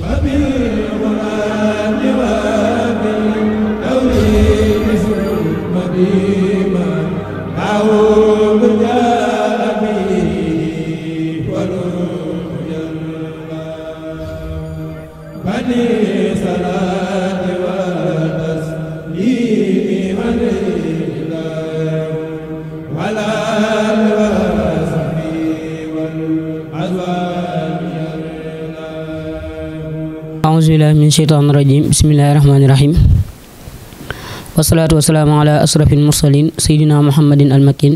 وبالقرآن وبالتوحيد ثم به sheytaani rajim bismillahi rahmaani rahim wasalaatu wasalaamu ala asrafil mursalin seydina muhammadin almakin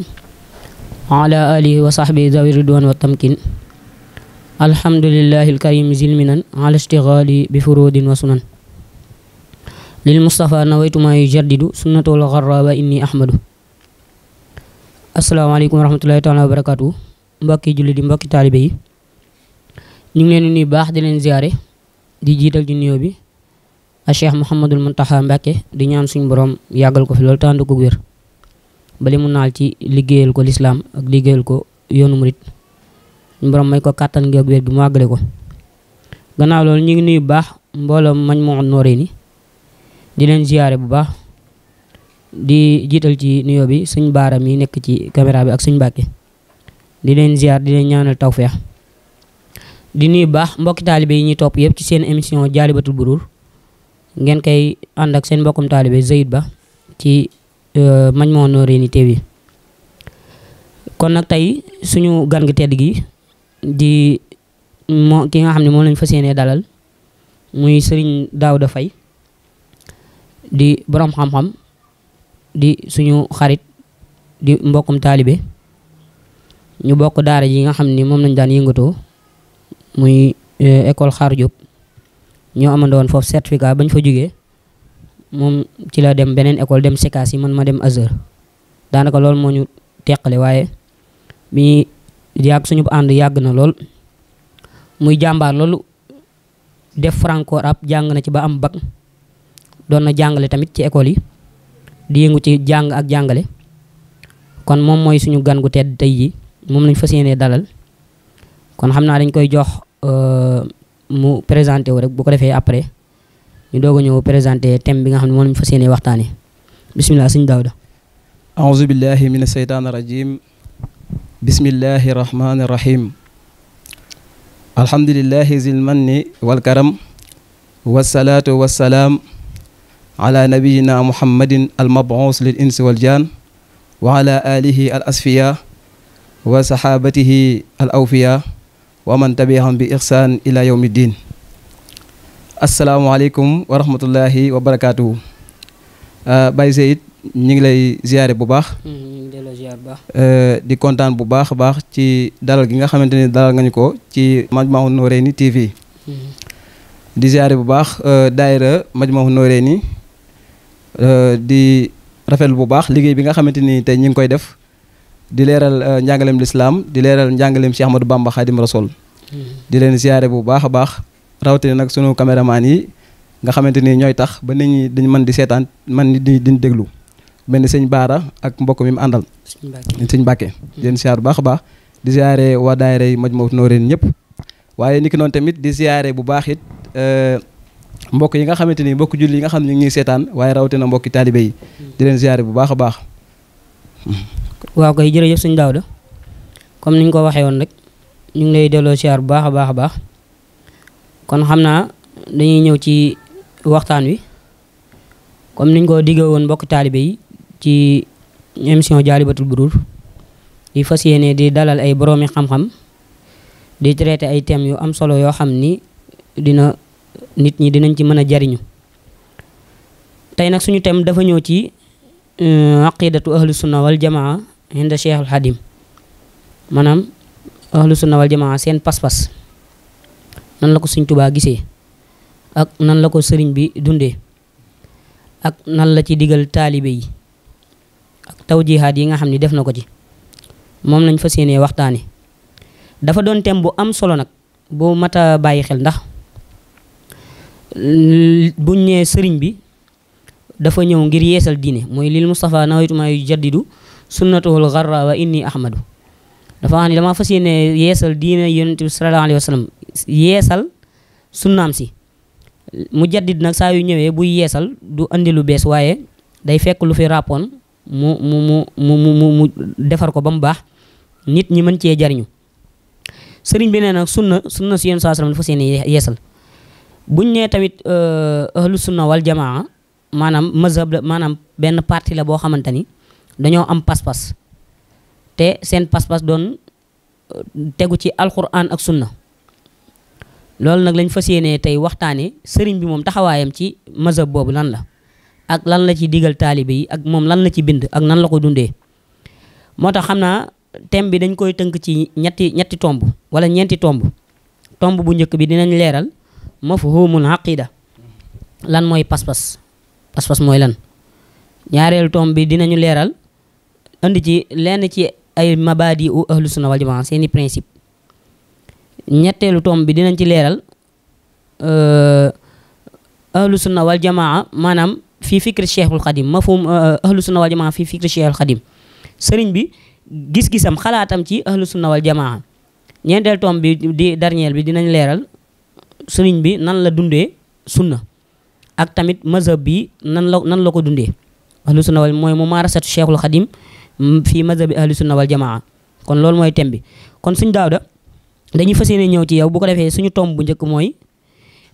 wa ala alihi wa sahbihi zawi ridwan wa tamkin alhamdulillahi alkarim zilminan ala ishtighali bi furudin wa sunan lil mustafa nawaytu ma yujaddidu sunnatul gharaba inni ahmadu asalaamaaleykum wa rahmatullahi taala wa barakatuh mbokki julli di mbokki taalibe yi ñu ngi leen di nuyu baax di leen ziyaare di jiital ci nuyoo bi a cheikh Mouhamadul Mountakha Mbacké di ñaan suñu borom yàggal ko fi loolu tànd ko wér bali ci liggéeyal ko lislaam ak liggéeyal ko yoonu murit suñu borom ko kàttan gi ak wér gi mu ko gannaaw loolu ñu ngi nuyu baax mbooloo mañ moo nooree ni di leen ziyaare bu baax di jiital ci nuyoo bi suñ baaram yi nekk ci caméra bi ak suñ Mbacké di leen ziar di leen ñaanal tawfeex di nuyu baax mbokki taalibe yi ñuy topp yëpp ci seen émission jaalibatul buruur ngeen koy ànd ak seen mbokkum taalibe Zaid Ba ci euh, Majmahun Nurayni TV kon nag tey suñu gan gi tedd gi di moo ki nga xam ne moom lañ fa yéenee dalal muy Serigne Daouda Faye di boroom xam-xam di suñu xarit di mbokkum taalibe ñu bokk daara ji nga xam ni moom lañ daan yëngatoo muy euh, école Xaar Diop ñoo amandoo woon foofu certificat bañ fa jógee moom ci la dem beneen école dem sekaas yi man ma dem Azhar daanaka loolu moo ñu teqale waaye bi yàgg suñu ànd yàgg na lool muy jàmbaar loolu def franco ab jàng na ci ba am bac doon na jàngale tamit ci école yi di yëngu ci jàng ak jàngale kon moom mooy suñu gan gu tedd tey ji moom lañ fas yéenee dalal kon xam naa dañ koy jox euh, mu présenté wu rek bu ko defee après ñu doog a ñëw présenté thème bi nga xam ne moom lañ fas yéene waxtaanee bisimilah sëñ Daawda aouzu billahi min asheytaan irajim bismillahi irrahmani irrahim alhamdulilahi zilmanni walkaram wasalaatu wasalaam ala nabiyina muhammadin almabuus lil insi wal jaan wa ala alihi al asfiya wa sahabatihi al awfiya wa man tabiahum bi ihsaan ila yawmi diin asalaamaaleykum wa rahmatullahi wa barakaatu. Euh, ñu ngi lay ziare bu baax. Mm, euh, di kontaan bu baax a baax ci dalal gi nga xamante ni dalal nga ñu ko ci Majmahun Nurayni TV. Mm-hmm. di ziare bu baax euh, daayira Majmahun Nurayni di rafetlu bu baax liggéey bi nga xamante ni tey ñu ngi koy def. di leeral euh, njàngaleem lislaam di leeral njàngaleem Cheikh Ahmadou Bamba Khadim Rasoul di leen siyaare bu baax a baax rawatina nag sunu caméraman yi nga xamante ni ñooy tax ba nit ñi dañ mën di seetaan man di diñ déglu mel ni sëñ Baara ak mbokk mi mu àndal sëñ Mbàkke leen siyaare bu baax a baax di siyaare waa daayira yi Majmahun Nurayni ñëpp waaye niki noonu tamit di siyaare bu baax it euh, mbokk yi nga xamante ni mbokk julli yi nga xam ne ñu ngi seetaan waaye rawatina mbokki taalibe yi di leen siyaare bu baax a baax waaw kay jërëjëf sëñ da comme niñ ko waxee woon rek ñu ngi lay delloo siyaar bu baax a baax a baax kon xam naa dañuy ñëw ci waxtaan wi comme niñ ko diggee woon mbokk taalibe yi ci émission Jaalibatul dul di fas yéene di dalal ay boroomi xam-xam di traité ay thèmes yu am solo yoo xam ni dina nit ñi dinañ ci mën a jariñu tey nag suñu thème dafa ñëw ci euh, aqidatu ahlu sunna wal jamaa hinda cheikhul xadim maanaam ahlu sunna wal jamaa seen pas-pas nan la ko sëñ tubaa gisee ak nan la ko sëriñ bi dundee ak nan la ci digal taalibe yi ak tawjihaat yi nga xam ni def na ko ci moom lañ fas yéenee waxtaane dafa doon thème bu am solo nag bu mat a bàyyi xel ndax buñ nee sëriñ bi dafa ñëw ngir yeesal diine mooy lil Mustafa nawaytu maa jaddidu sunnatuhul xarra wa inni ahmadu dafa wax ni dama fas yéene yeesal diine yonent bi sallallahu alayhi wa yeesal sunnaam si mu jaddid nag saa yu ñëwee buy yeesal du indi lu bees waaye day fekk lu fi ràppoon mu mu mu mu mu mu defar ko ba mu baax nit ñi mën cee jariñu sëriñ bi nee nag sunna su si sa saa sallam dafa seen yeesal buñ nee tamit euh, ahlu sunna wal jamaa maanaam mazhab la maanaam benn parti la boo xamante ni dañoo am pas-pas te seen pas-pas doon euh, tegu ci alquran ak sunna loolu nag lañ fas yéenee tey waxtaane sëriñ bi moom taxawaayam ci mazhab boobu lan la ak lan la ci diggal taalibe yi ak moom lan la ci bind ak nan la ko dundee moo tax xam naa thème bi dañ koy tënk ci ñetti ñetti tomb wala ñeenti tomb tomb bu njëkk bi dinañ leeral ma mafhumul aqida lan mooy pas-pas pas-pas mooy lan ñaareelu tomb bi dinañu leeral indi ci lenn ci ay mabadi u ahlu sunna wal jamaa seeni principe ñetteelu tom bi dinañ ci leeral euh, ahlu sunna wal jamaa maanaam fii fikri cheikhul xadim mafhum euh, ahlu sunna wal jamaa fii fikri cheikhul xadim sëriñ bi gis-gisam xalaatam ci ahlu sunna wal jamaa ñeenteel tom bi di dernier bi dinañ leeral sëriñ bi nan la dundee sunna ak tamit mazhab bi nan la nan la ko dundee ahlu sunna wal mooy mu maarasatu cheikhul xadim fii mazhabi bi sunna wal jamaa kon loolu mooy thème bi kon suñ daawda dañuy fas yéene ñëw ci yow bu ko defee suñu tomb bu njëkk mooy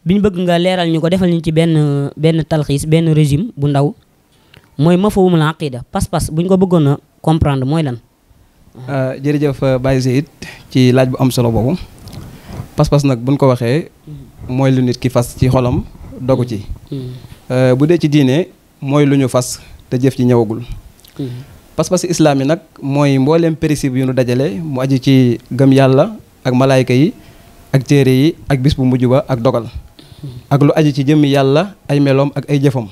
bi ñu bëgg nga leeral ñu ko defal ñu ci benn benn talxiis benn régime bu ndaw mooy mafhumul aqida pas-pas bu ñu ko bëggoon comprendre mooy lan. Euh, jërëjëf euh, Baye Zeyd ci laaj bu am solo boobu pas-pas nag buñ ko waxee mooy lu nit ki fas ci xolam dogu ci hmm. euh, bu dee ci diine mooy lu ñu fas te jëf ci ñëwagul. Hmm. pas-pas islam yi nag mooy mbooleem principe yu nu dajale mu aju ci gëm yàlla ak malaayka yi ak téere yi ak bis bu mujj ba ak dogal ak lu aju ci jëmm yàlla ay meloom ak ay jëfam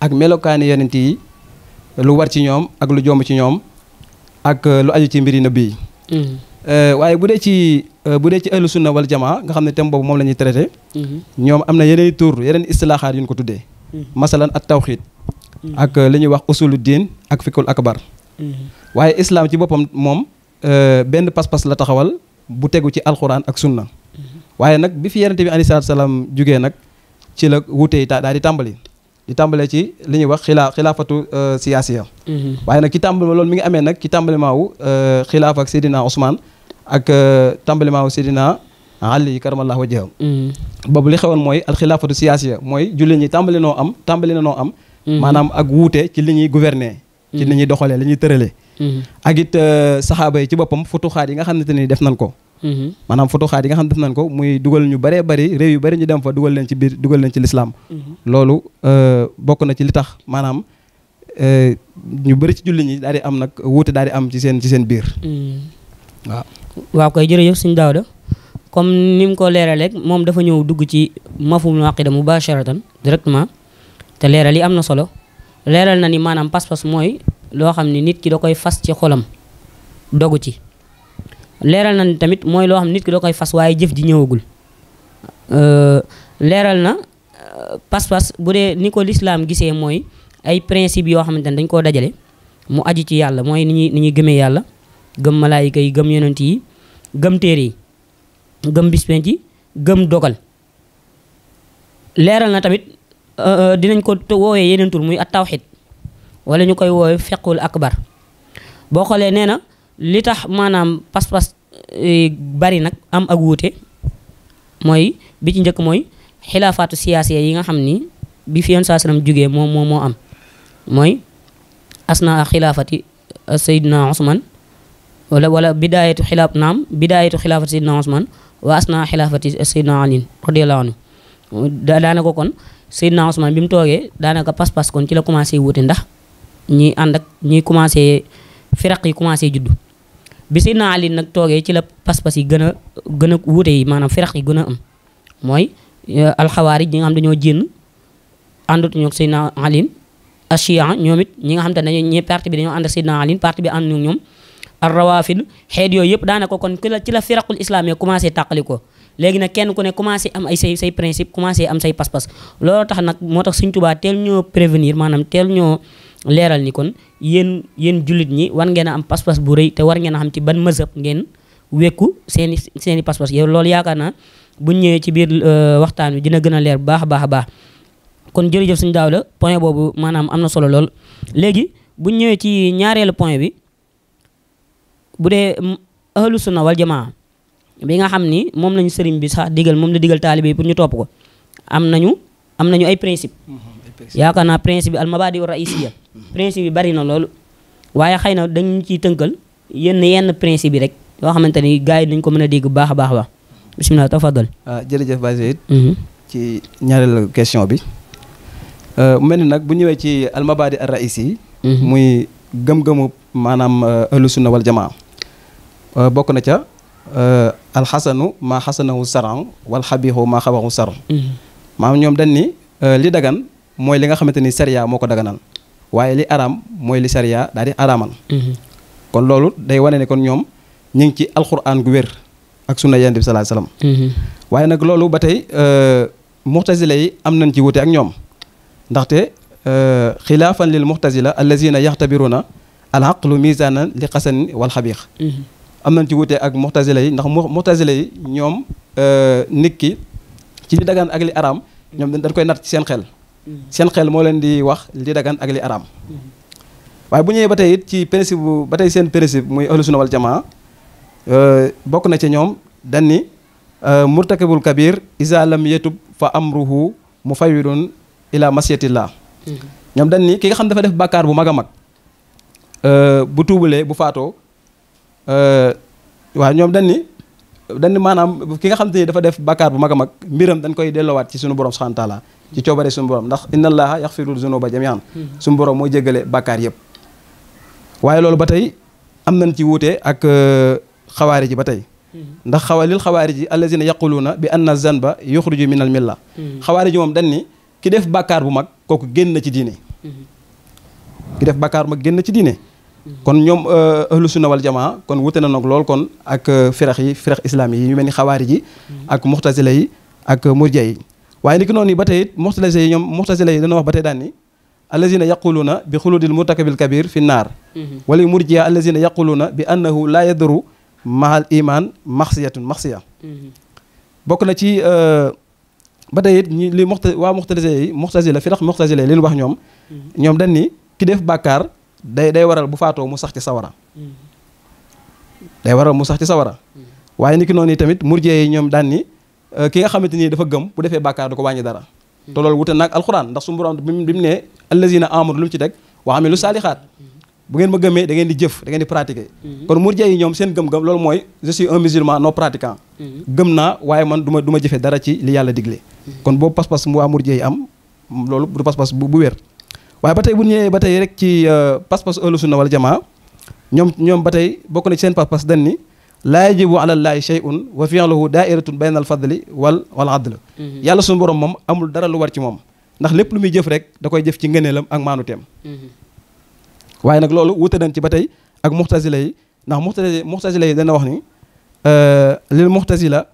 ak melokaani yonent yi lu war ci ñoom ak lu jomb ci ñoom ak euh, lu aju ci mbiri nabi yi mm-hmm. euh, waaye bu dee ci euh, bu dee ci ahlu sunna wal jamaa nga xam ne thème boobu moom la ñuy traité mm-hmm. ñoom am na yeneen tur yeneen istilaaxaat yu ñu ko tuddee mm-hmm. masalan ak tawxiit ak li ñuy wax usulu diin ak fikul waaye islam ci boppam moom euh, benn pas-pas la taxawal bu tegu ci alxuraan ak sunna waaye nag bi fi yonent bi alayhi salaatu salaam jugee nag ci la wuute yi daal di tàmbali di tàmbalee ci li ñuy wax xilaa xilaafatu euh, siyaasiya waaye nag ci tàmbali loolu mi ngi amee nag ci tàmbalimaawu euh, xilaaf ak Seydina Ousmane ak tàmbalimaawu Seydina Ali karamallahu wajhahu boobu li xewoon mooy alxilaafatu siyaasiya mooy jullit ñi tàmbali noo am tàmbali na noo am mm-hmm. maanaam ak wuute ci li ñuy gouverner ci ni ñuy doxalee la ñuy tëralee mhm. ak it euh, saxaaba yi ci boppam futuxaat yi nga xamante ni def nañ ko mhm. maanaam futuxaat yi nga xam def nañ ko muy dugal ñu bëree bari réew yu bari ñu dem fa dugal leen ci biir dugal leen ci lislaam mhm. loolu euh, bokk na ci li tax maanaam euh, ñu bëri ci julli ñi daal di am nag wuute daal di am ci seen ci seen biir waaw waa koy jërëjëf suñu daaw da comme ni mu ko leeral rek moom dafa ñëw dugg ci mafhumul aqida mubasharatan directement te leeral yi am na solo leeral na ni maanaam pas-pas mooy loo xam ni nit ki da koy fas ci xolam dogu ci leeral na ni tamit mooy loo xam nit ki da koy fas waaye jëf ji ñëwagul euh, leeral na euh, pas-pas bu dee ni ko lislaam gisee mooy ay principe yoo xamante ne dañ koo dajale mu aju ci yàlla mooy ni ñuy ni ñuy gëmee yàlla gëm malaayika yi gëm yonent yi gëm téere yi gëm bispenc yi gëm dogal leeral na tamit Euh, euh, dinañ ko woowee yeneen tur muy at tawxid wala ñu koy woowee fequl akbar boo xoolee nee na li tax maanaam pas-pas euh, bari nag am ak wuute mooy bi ci njëkk mooy xilaafaatu siyaasiya yi nga xam ni bi fi yoon saa jugee moom moo moo am mooy asna xilaafati sayidna Usman wala wala bidaayatu xilaaf naam bidaayatu xilaafati sayidna Usman wa asna xilaafati sayidna Ali radiyallahu anhu daana ko kon Seydina Ousmane bi mu toogee daanaka pas-pas kon ci la commencé wuute ndax ñi ànd ak ñi commencé firaq yi commencé juddu bi Seydina Ali nag toogee ci la pas-pas yi gën a gën a wuute maanaam firaq yi gën a am mooy euh, alxawaari ñi nga xam dañoo jénn àndatuñu ak Seydina Ali achian ñoom it ñi nga xam te ne ñi parti bi dañoo ànd ak Seydina Ali parti bi ànd ñoom ar rawafid xeet yooyu yëpp daanaka kon ci la ci la firaqul islam yi commencé tàqali ko léegi nag kenn ku ne commencé am ay say say principe commencé am say pas-pas looloo tax nag moo tax Sëñ Tuubaa teel ñoo prévenir maanaam teel ñoo leeral ni kon yéen yéen jullit ñi war ngeen a am pas-pas bu rëy te war ngeen a xam ci ban mazhab ngeen wekku seeni seeni pas yow loolu yaakaar naa buñ ñëwee ci biir euh, waxtaan wi dina gën a leer bu baax a baax a baax kon jërëjëf Sëñ Daawda point boobu maanaam am na solo lool léegi buñ ñëwee ci ñaareelu point bi bu dee ahlu sunna wal jamaa bi nga xam ni moom lañu sëriñ bi sax diggal moom la digal taalibe yi pour ñu topp ko am nañu am nañu ay principe mm-hmm, yaakaar naa principe bi almabadi wa raisiya mm-hmm. principe bi bari na loolu waaye xëy na dañu ci tënkal yenn yenn principe bi rek yoo xamante ni gars yi dañ ko mën a dégg baax a baax baax bisimilah tafadal waaw ah, jërëjëf Baye Zaid mm-hmm. ci ñaareelu question bi euh, mel ni nag bu ñëwee ci almabadi ar rais muy gëm-gëmu maanaam euh, ahlu sunna wal jamaa euh, bokk na ca Euh, alxasanu ma xasanahu saran wal xabiixu ma xabaxu saran mm-hmm. maanaam ñoom dañ ni euh, li dagan mooy li nga xamante ni sariya moo ko daganal waaye li araam mooy li sariya daal di araamal mm-hmm. kon loolu day wane ne kon ñoom ñu ngi ci alxuraan gu wér ak sunna yonent bi sallallahu alayhi wasallam mm-hmm. waaye nag loolu ba tey euh, muxtasila yi am nañ ci wute ak ñoom ndaxte xilaafan lil muxtasila allazina yaxtabiruna al aqlu misanan li xasan wal xabiix am nañ ci wute ak mu'tazila yi ndax mu'tazila yi ñoom euh, nit ki ci li dagan ak li araam ñoom dañ koy nat ci seen xel mm-hmm. seen xel moo leen di wax li dagan ak li araam mm-hmm. waaye bu ñëwee ba tey it ci principe bu ba tey seen principe muy ahlu sunna wal jamaa euh, bokk na ci ñoom dañ ni euh, murtakibul kabir isa lam yetub fa amruhu mufawwidun ila masyatillah mm-hmm. ñoom dañ ni ki nga xam dafa def bàkkaar bu mag a mag bu tuubulee bu faatoo Euh, waaw ñoom dañ ni dañ ni maanaam ki nga xam te ni dafa def bakkaar bu mag a mag mbiram dañ koy dellowaat ci sunu borom subhanahu taala ci coobare sunu borom ndax inna allaha yaxfiru zunuba jamian mhm. sunu borom moo jégale bakkaar yëpp waaye loolu ba tey am nañ ci wuute ak euh, xawaari ji ba tey mhm. ndax xawalil xawaari ji allazina na bi anna zanba yuxruju min al milla mhm. xawaari ji moom dañ ni ki def bakkaar bu mag kooku génn ci diine ki def bakkaar ci diine kon ñoom euh, ahlu sunna wal jamaa kon wute na nag lool kon ak euh, firax yi firax islaam yi ñu mel ni xawaari ji ak muxtasila yi ak murja yi waaye ni ki noonu ba tey it muxtasila yi ñoom muxtasila yi dana wax ba tey daan ni allazina yaquluuna bi xuludil murtakabil kabir fi naar mm-hmm. wala murjiya allazina yaquluuna bi anna laa yadru mahal iman maxsiyatun maxsiya mm-hmm. bokk na ci euh, ba tey it ñi li muxta waa muxtasila yi muxtasila firax muxtasila yi li wax ñoom mm-hmm. ñoom dañ ni ki def bàkkaar day day waral bu faatoo mu sax ci sawara mm-hmm. day waral mu sax ci sawara mm-hmm. waaye ni ki noonu tamit murjee yi ñoom daan ni euh, ki nga xamante nii dafa gëm bu defee bàkkaar du ko wàññi dara mm-hmm. te loolu wute naag alxuraan ndax su borom bi mu ne allazina amanu lu mu ci teg wa amilu saalihaat bu ngeen ma gëmee da ngeen di jëf da ngeen di pratiquer kon murjee yi ñoom seen gëm-gëm loolu mooy je un musulman non pratiquant gëm naa waaye man du ma du ma jëfe dara ci li yàlla digle kon boobu pas-pas mu waa murjee yi loolu du pas-pas bu wér waaye ba tey bu ñëwee ba tey rek ci euh, pas-pas ahlu sunna wal jamaa ñoom ñoom ba tey bokk na ci seen pas-pas dañ ni laa yajibu ala llaahi shay'un wa fi'luhu daa'iratun bayna al fadli wal wal adl mhm. yàlla suñu borom moom amul dara lu war ci moom ndax lépp lu muy jëf rek da koy jëf ci ngëneelam ak maanuteem mhm. waaye nag loolu wute nañ ci ba tey ak muxtasila yi ndax muxtasila yi dana wax ni euh, lil muxtasila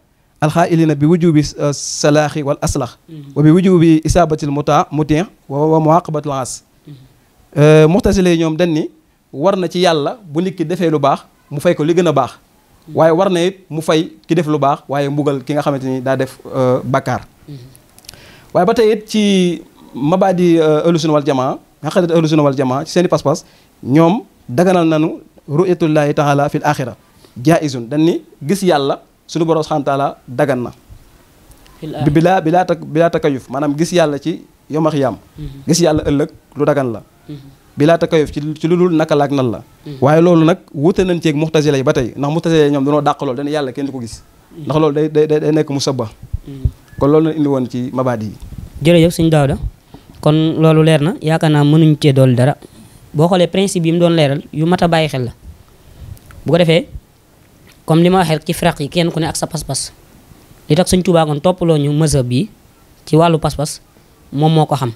alxaailina bi wujubi uh, salaaxi wal aslax mm-hmm. wa bi wujubi isaabatil muta mutin wa muaqabatil as mm-hmm. uh, muxtasile ñoom dañ ni war na ci yàlla bu nit ki defee lu baax mu fay ko li gën a baax mm-hmm. waaye war na it mu fay ki def lu baax waaye mbugal ki nga xamante ni daa def uh, bakkaar waaye ba tey it ci mabaadi ahlu sunna wal jamaa xaqiiqat ahlu sunna wal jamaa ci seeni i ñoom daganal nanu ru'yatullahi taala fil axira jaizun dañ ni gis yàlla suñu borom subhaanahu wa taala dagan na bi laa bi laa tak bi laa takayuf maanaam gis yàlla ci yomax yaam mhm. gis yàlla ëllëg lu dagan la mhm. bi laa takayuf ci ci lu dul naka laak nan la mhm. waaye loolu nag wute nañ ceeg muxtasila lay ba tey ndax muxtasila yi ñoom noo dàq loolu dañu yàlla kenn du ko gis ndax loolu day day day nekk musabba kon loolu na indi woon ci mabaadi yi jërëjëf sëñ Daouda kon loolu leer na yaakaar naa mënuñ cee dool dara boo xoolee principe yi mu doon leeral yu mat a bàyyi xel defee comme li ma waxee rek ci firaq yi kenn ku ne ak sa pas-pas li tax sëñ Tuubaa toppaloo ñu mazhab bi ci wàllu pas-pas moom moo ko xam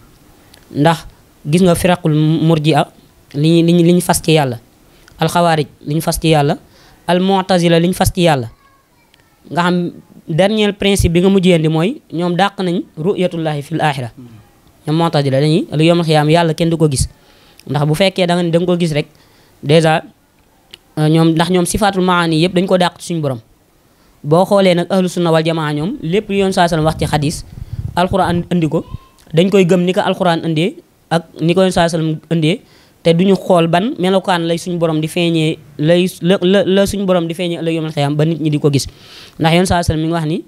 ndax gis nga firaqul murji'a li ñu li ñu fas ci yàlla alxawaarij li ñu fas ci yàlla al mu'tazila li ñu fas ci yàlla nga xam dernier principe bi nga mujjee ndi mooy ñoom dàq nañ ru'yatullahi fil aaxira ñoom mu'tazila dañuy lu yom xiyaam yàlla kenn di ko gis ndax bu fekkee da nga da ko gis rek Euh, ñoom ndax ñoom sifaatul maani yëpp dañ ko dàq suñu borom boo xoolee nag ahlu sunna wal jamaa ñoom lépp yoon saa sallam wax ci xadis alquran indi ko dañ koy gëm ni ko alquran indee ak ni ko yoon saa indee te duñu xool ban melokaan lay suñu borom di feeñee lay la la suñu borom di feeñee ëllëg yoomal xiyaam ba nit ñi di ko gis ndax yoon saa mi nga wax ni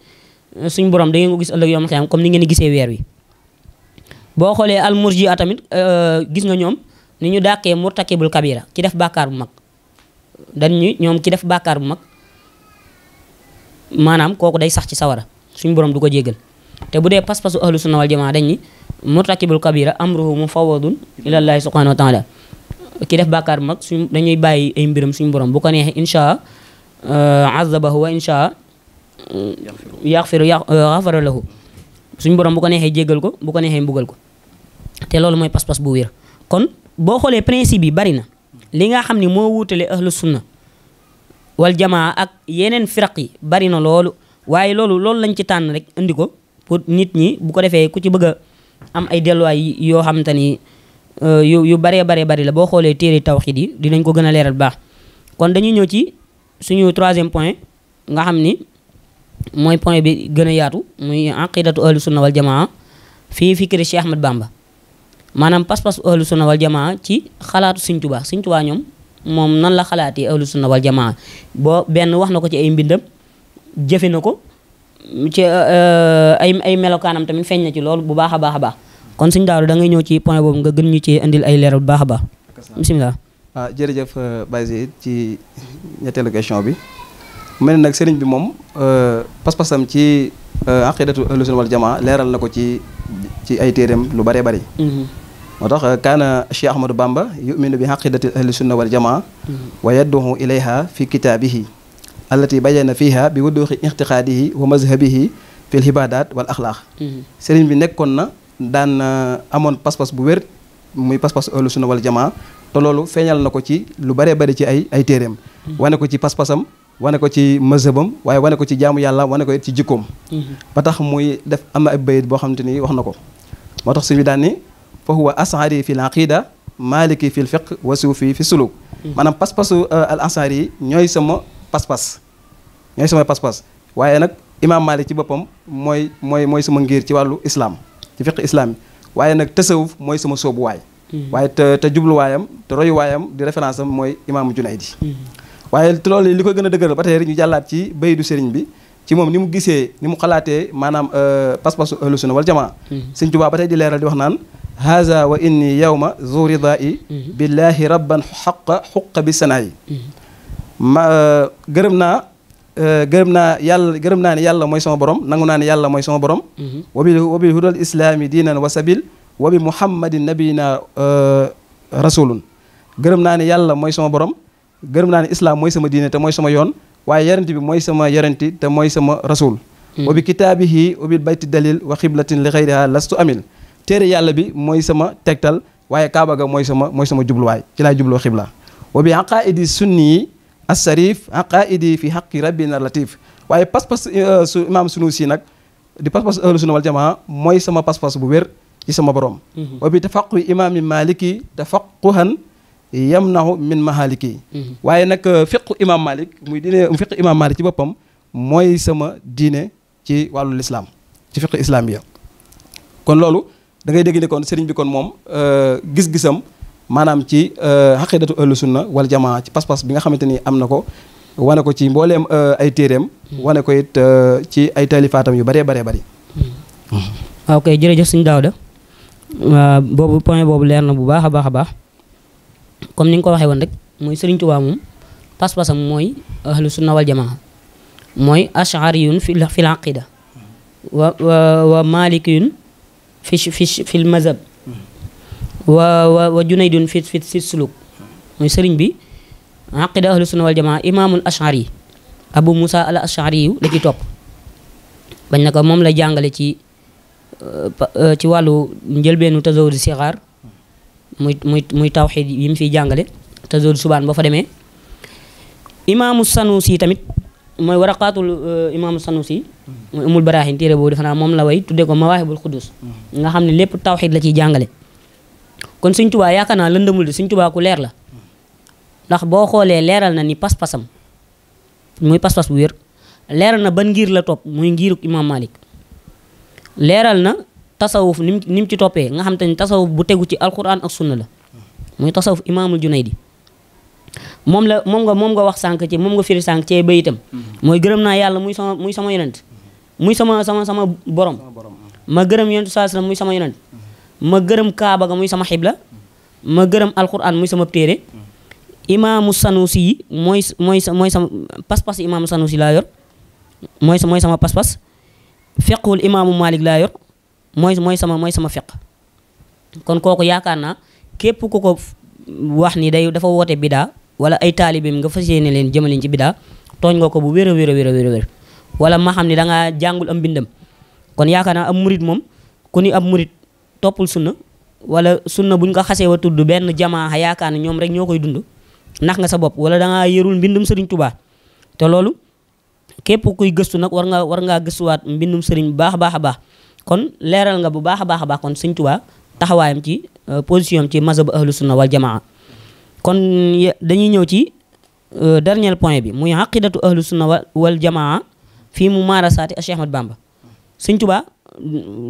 euh, suñu borom da ngeen ko gis ëllëg yoomal xiyaam comme ni ngeen gisee weer wi boo xoolee almurji a tamit euh, gis nga ñoom ni ñu dàqee murtakibul kabira ci def bàkkaar bu mag dañ ñu ñoom ki def bàkkaar bu mag maanaam kooku day sax ci sawara suñ borom du ko jéggal te bu dee pas-pasu ahlu sunna wal jamaa dañ ñi murtakibul kabira amruhu mufawadun ilallahi subhanahu wa taala ki def bàkkaar mag suñ dañuy bàyyi mbiram suñu borom bu ko neexee inchaa euh, azabahu wa inchaa euh, yaxfiru yaxfara euh, lahu suñu borom bu ko neexee jéggal ko bu ko neexee mbugal ko te loolu mooy pas bu wér kon boo xoolee principe yi bari na li nga xam ne moo wuutale ahlu sunna wal jamaa ak yeneen firaq yi bari na loolu waaye loolu loolu lañ ci tànn rek indi ko pour nit ñi bu ko defee ku ci bëgg a am ay delluwaay yoo xam te ni euh, yu yu baree baree bari la boo xoolee téere tawxiid yi dinañ ko gën a leeral baax kon dañuy ñëw ci suñu troisième point nga xam ni mooy point bi gën a yaatu muy aqidatu ahlu sunna wal jamaa fii fikri Cheikh Ahmad Bamba maanaam pas-pas ahlu sunna wal jamaa ci xalaatu Sëñ Tuubaa Sëñ Tuubaa ñoom moom nan la xalaatee ahlu sunna wal jamaa boo benn wax na ko ci ay mbindam jëfe na ko ci eh, ay ay melokaanam tamit feeñ na ci loolu bu baax a baax a baax kon Sëñ Daaru da ngay ñëw ci point boobu nga gën ñu ci indi ay leeral bu baax a baax bisimilah waaw ah, jërëjëf eh, Baye Zaid ci ñetteelu question bi mel nag sëriñ bi moom eh, pas-pasam ci aqidatu ahlu sunna jamaa leeral na ko ci ci ay téeréem lu bëree bëri mm-hmm. moo tax euh, kaana Cheikh Ahmadou Bamba yuminu bi xaqidati ahli sunna wal jamaa mm-hmm. wa yadduhu ilayha fi kitaabihi allati bayana fiha bi wuduxi ixtiqaadihi wa mazhabihi fi lhibadat wal axlaaq mm-hmm. sëriñ bi nekkoon na daan euh, amoon pas-pas bu wér muy pas-pas ahlu sunna wal jamaa te loolu feeñal na ko ci lu bëree bëri ci ay ay téeréem mm-hmm. wane ko ci pas-pasam wane ko ci mazhabam waaye wane ko ci jaamu yàlla wane ko ci jikkoom ba tax muy def am na ab bayit boo xam te ni wax na ko moo tax suñu daan fa huwa ashari fi l aqida maliki fi l fiq wa suufi fi suluk mhm. maanaam pas-pasu euh, al ansari ñooy sama pas-pas ñooy sama pas-pas waaye nag imaam malik ci boppam mooy mooy mooy sama ngir ci wàllu islaam ci fiq islaam waaye nag tasawuf mooy sama soobuwaay mhm. waaye te te jubluwaayam te royuwaayam di référence am mooy imaamu Junayd mhm. waaye te loolu li ko gën a dëgëral ba tey ñu jàllaat ci du sëriñ bi ci moom ni mu gisee ni mu xalaatee maanaam euh, pas-pasu ahlu sunna wal jamaa sëñ Tuubaa ba tey di leeral di wax naan haza wa inni yawma zu ridaa'i billaahi rabban xaqa xuqa bi sanaayi ma gërëm naa gërëm naa yàlla gërëm naa ne yàlla mooy sama borom nangu naa ne yàlla mooy sama borom wa bi wa bi hudal islaami diinan wa sabil wa bi muhammadin nabiyina rasulun gërëm naa ne yàlla mooy sama borom gërëm naa ne islaam mooy sama diine te mooy sama yoon waaye yarante bi mooy sama yarante te mooy sama rasul wa bi kitaabihi wa bil bayti dalil wa xiblatin li xayriha lastu amil téere yàlla bi mooy sama tegtal waaye kaaba ga mooy sama mooy sama jubluwaay ci laay jubloo xibla wa bi aqaidi sunni yi asarif aqaidi fi haqi rabbina latif waaye pas-pas euh, su imaam sunu si nag di pas-pas ahlu sunna wal jamaa mooy sama pas bu wér ci sama borom mhm. wa bi tafaqu imaami maliki tafaquhan yamnahu min mahaliki mhm. waaye nag euh, fiqu imam malik muy diine fiqu imam malik ci boppam mooy sama diine ci wàllu lislaam ci fiqu islaam kon loolu dangay ngay dégg ni kon sëriñ bi kon moom euh, gis-gisam maanaam ci euh, xaqidatu ahlu na wal jamaa ci pas-pas bi nga xamante ni am na ko wane ko ci mbooleem euh, ay téeréem wane ko it ci ay taalifaatam yu bëree baree bëri waaw kay jërëjëf suñu Daawda ah, boobu point boobu leer na bu baax a baax a baax comme ni nga ko waxee woon rek muy sëriñ Tuubaa moom pas-pasam mooy ahlu sunna wal jamaa mooy ashariyun fi fil aqida wa wa maalikiyun fi fi fi mazhab wa wa wa junaydun fi fi fi suluk muy sëriñ bi aqida ahlu sunna wal jamaa imaamul ashari abu musa al ashari yu la ci topp bañ na ko moom la jàngale ci euh, euh, ci wàllu njëlbeenu tazawud sixaar muy muy muy tawxiid yi mu jàngale tazawud subaan boo fa demee imaamu sanusi tamit mooy waraqaatul euh, imaamu sanusi mooy umul baraahin téere boobu defe naa moom la way tuddee ko mawaahibul xudus nga xam ne lépp tawxid la ciy jàngale kon Sëñ Tuubaa yaakaar naa lëndamul de suñ Tuubaa ku leer la ndax boo xoolee leeral na ni pas-pasam muy pas-pas bu wér leeral na ban ngir la topp muy ngiruk imaam Malik leeral na tasawuf ni mu ci toppee nga xam te ne tasawuf bu tegu ci alquran ak sunna la muy tasawuf imaamul junaydi moom la moom nga moom nga wax sànq ci moom nga firi sànq ci bayitam mooy gërëm naa yàlla muy sama muy sama yonent muy sama sama sama borom ah. ma gërëm yonentu saa muy sama yonent ma gërëm kaaba ga sama xibla ma gërëm alquran muy sama téere imaamu sanusi yi mooy mooy mooy sama pas-pas imaamu sanusi laa yor mooy mooy sama pas-pas fequl imaamu malik laa yor mooy mooy sama mooy sama feq kon kooku yaakaar naa képp ku ko wax ni day dafa woote bidaa wala ay taalibeem nga fas yéene leen jëmaliñ ci bidaa tooñ nga ko bu wér a wér a wér a wala ma xam ne dangaa jàngul am mbindam kon yaakaar naa ab murit moom ku ni ab murit toppul sunna wala sunna buñ ko xasee wa tudd benn jamaa yaakaar ne ñoom rek ñoo koy dund nax nga sa bopp wala dangaa yërul mbindum sëriñ tubaa te loolu képp kuy gëstu nag war nga war ngaa gëstuwaat mbindum sëriñ bu baax a baax a baax kon leeral nga bu baax a baax a baax kon sëriñ tubaa taxawaayam ci euh, position ci mazhabu ahlu sunna wal jamaa kon dañuy ñëw ci euh, dernier point bi muy aqidatu ahlu sunna wa wal jamaa fii mu maarasaati a Cheikh Ahmad Bamba Sëñ Tuubaa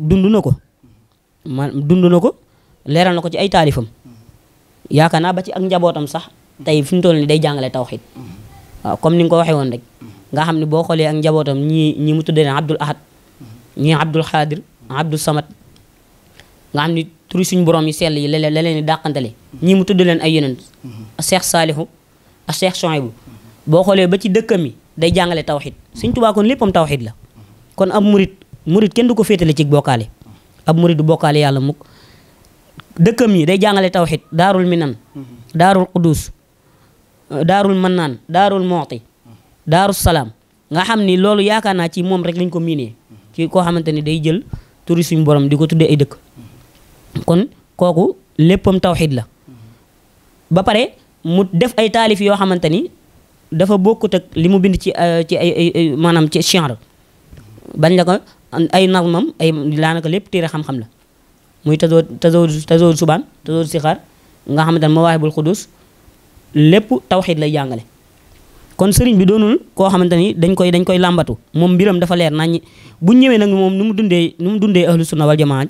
dund na ko man dund na ko leeral na ko ci ay taalifam yaakaar naa ba ci ak njabootam sax tey fi mu toll ni day jàngale tawxiid waaw comme ni nga ko waxee woon rek nga xam ne boo xoolee ak njabootam ñii ñi mu tuddee Abdul Ahad ñii Abdul Xaadir Abdul Samad nga xam ni turi suñu borom yi sell yi la leen di dàqantale ñii mu tudd leen ay yeneen mm-hmm. a Cheikh Saalihu a Cheikh Chouaïbou mm-hmm. boo xoolee ba ci dëkkam mi day jàngale tawxid suñ tubaa kon léppam la mm-hmm. kon ab murit murit kenn du ko féetale ci bokkaale ab murit du bokkaale yàlla mukk yi day jàngale tawxid daarul minan daarul qudus daarul mannaan daarul mooti daarul salaam nga xam ni loolu yaakaar naa ci moom rek lañ ko miinee ci koo day jël turi suñu di ko tuddee ay dëkk kon kooku léppam tawxiit la ba pare mu def ay taalif yoo xamante ni dafa bokkut ak li mu bind ci euh, ci ay maanaam ci genre bañ la ko ay narmam ay daanaka lépp téere xam-xam la muy tasoo tasoo tasoo subaan tasoo sixaar nga xamante ne mawaahibul xudus lépp tawxid lay jàngale kon sëriñ bi doonul koo xamante ni dañ koy dañ koy làmbatu moom mbiram dafa leer nañ bu ñëwee nag moom nu mu dundee nu mu dundee ahlu na wal jamaa